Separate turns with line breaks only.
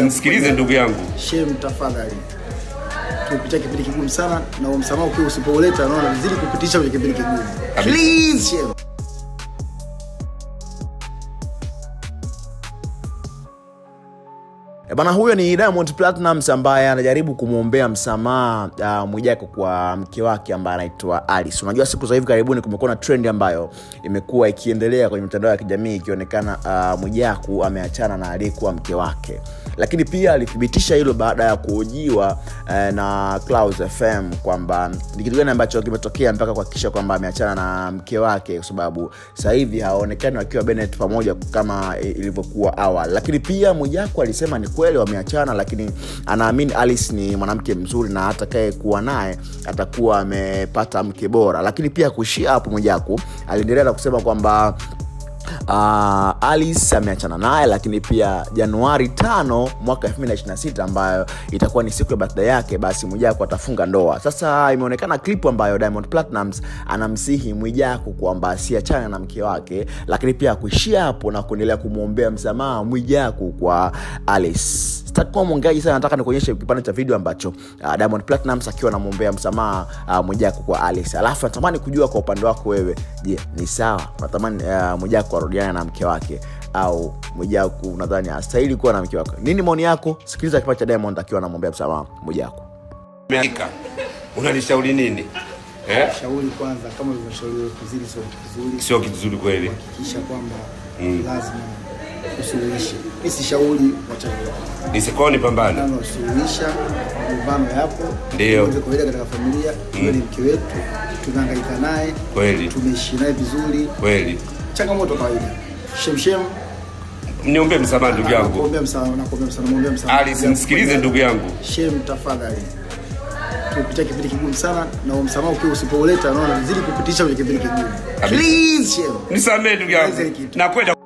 Msikilize ndugu yangu
Shem, tafadhali. Tumepitia kipindi kigumu sana, na msamaha ukiwa usipouleta, naona nizidi kupitisha kwenye kipindi kigumu. Please Shem.
Eh, bana, huyo ni Diamond Platnumz ambaye anajaribu kumwombea msamaha uh, ah, Mwijaku kwa mke wake ambaye anaitwa Alice. Unajua siku za hivi karibuni kumekuwa na trend ambayo imekuwa ikiendelea kwenye mitandao ya kijamii ikionekana uh, ah, Mwijaku ameachana na aliyekuwa mke wake lakini pia alithibitisha hilo baada ya kuhojiwa eh, na Klaus FM kwamba ni kitu gani ambacho kimetokea mpaka kuhakikisha kwamba ameachana na mke wake, kwa sababu sasa hivi hawaonekani wakiwa Bennett pamoja kama eh, ilivyokuwa awali. Lakini pia Mwijaku alisema ni kweli wameachana, lakini anaamini Alice ni mwanamke mzuri na atakaye kuwa naye atakuwa amepata mke bora. Lakini pia kuishia hapo, Mwijaku aliendelea na kusema kwamba uh, Alice ameachana naye, lakini pia Januari tano mwaka 2026 ambayo itakuwa ni siku ya birthday yake, basi Mwijaku atafunga ndoa. Sasa imeonekana klipu ambayo Diamond Platnumz anamsihi Mwijaku kwamba asiachane na mke wake, lakini pia kuishia hapo na kuendelea kumwombea msamaha Mwijaku kwa Alice sitakuwa mwongeaji sana, nataka nikuonyeshe kipande cha video ambacho uh, Diamond Platnumz akiwa anamwombea msamaha uh, Mwijaku kwa Alice. Alafu natamani kujua kwa upande wako wewe, je, ni sawa? Unatamani uh, Mwijaku arudiane na mke wake au Mwijaku unadhani astahili kuwa na mke wake? Nini maoni yako? Sikiliza kipande cha Diamond akiwa anamwombea msamaha Mwijaku.
Unanishauri nini?
Eh? Shauri kwanza kama ulivyoshauri kuzidi sio kizuri
sio kizuri kweli.
Hakikisha kwamba mm. lazima kusuluhisha. Nisishauri wachana nao,
nisikoni pambana
nao, suluhisha mambo yako, ndio kawaida katika familia. Wewe mm. ni mke wetu, tunahangaika naye kweli, tumeishi naye vizuri kweli, changamoto kawaida, shemshem
niombe msamaha ndugu ah, yangu, Ali simsikilize ndugu yangu
Shem, tafadhali. Tupitia kipindi kigumu sana, na msamaha ukiwa usipouleta, naona nazidi kupitisha kwenye kipindi kigumu. Please Shem,
nisamee ndugu yangu, nakwenda.